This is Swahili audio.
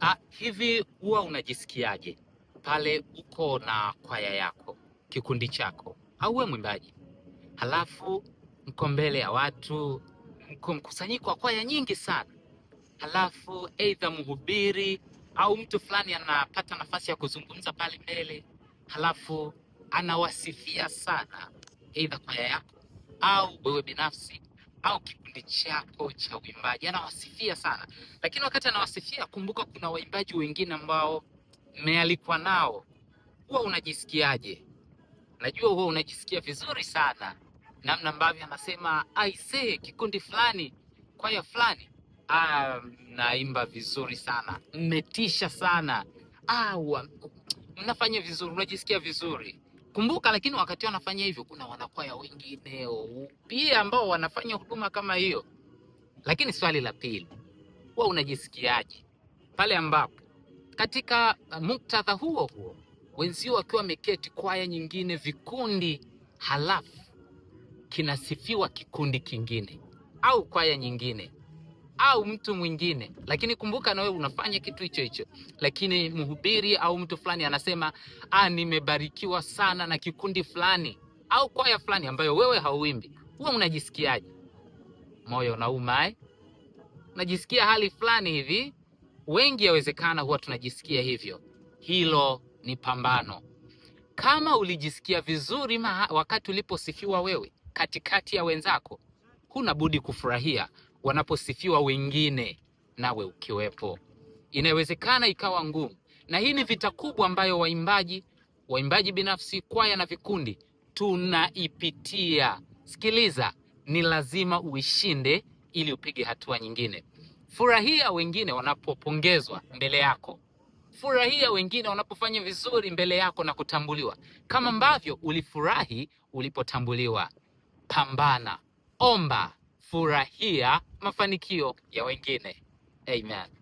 Ah, hivi huwa unajisikiaje pale uko na kwaya yako kikundi chako au we mwimbaji, halafu mko mbele ya watu, mko mkusanyiko wa kwaya nyingi sana, halafu aidha mhubiri au mtu fulani anapata nafasi ya kuzungumza pale mbele, halafu anawasifia sana aidha kwaya yako au wewe binafsi au kikundi chako cha uimbaji. Anawasifia sana, lakini wakati anawasifia, kumbuka kuna waimbaji wengine ambao mmealikwa nao. Huwa unajisikiaje? Najua huwa unajisikia vizuri sana namna ambavyo anasema say, kikundi fulani, kwaya fulani, ah, naimba vizuri sana, mmetisha sana, ah, mnafanya vizuri, unajisikia vizuri Kumbuka lakini wakati wanafanya hivyo, kuna wanakwaya wengine pia ambao wanafanya huduma kama hiyo. Lakini swali la pili, wewe unajisikiaje pale ambapo katika uh, muktadha huo huo wenzio wakiwa wameketi, kwaya nyingine, vikundi, halafu kinasifiwa kikundi kingine au kwaya nyingine au mtu mwingine, lakini kumbuka na wewe unafanya kitu hicho hicho. Lakini mhubiri au mtu fulani anasema ah, nimebarikiwa sana na kikundi fulani au kwaya fulani ambayo wewe hauimbi, huwa unajisikiaje? Moyo unauma eh? Unajisikia hali fulani hivi. Wengi yawezekana huwa tunajisikia hivyo. Hilo ni pambano. Kama ulijisikia vizuri maha, wakati uliposifiwa wewe katikati ya wenzako, huna budi kufurahia wanaposifiwa wengine, nawe ukiwepo. Inawezekana ikawa ngumu, na hii ni vita kubwa ambayo waimbaji waimbaji binafsi, kwaya na vikundi tunaipitia. Sikiliza, ni lazima uishinde ili upige hatua nyingine. Furahia wengine wanapopongezwa mbele yako, furahia wengine wanapofanya vizuri mbele yako na kutambuliwa, kama ambavyo ulifurahi ulipotambuliwa. Pambana, omba, furahia mafanikio ya wengine. Amen.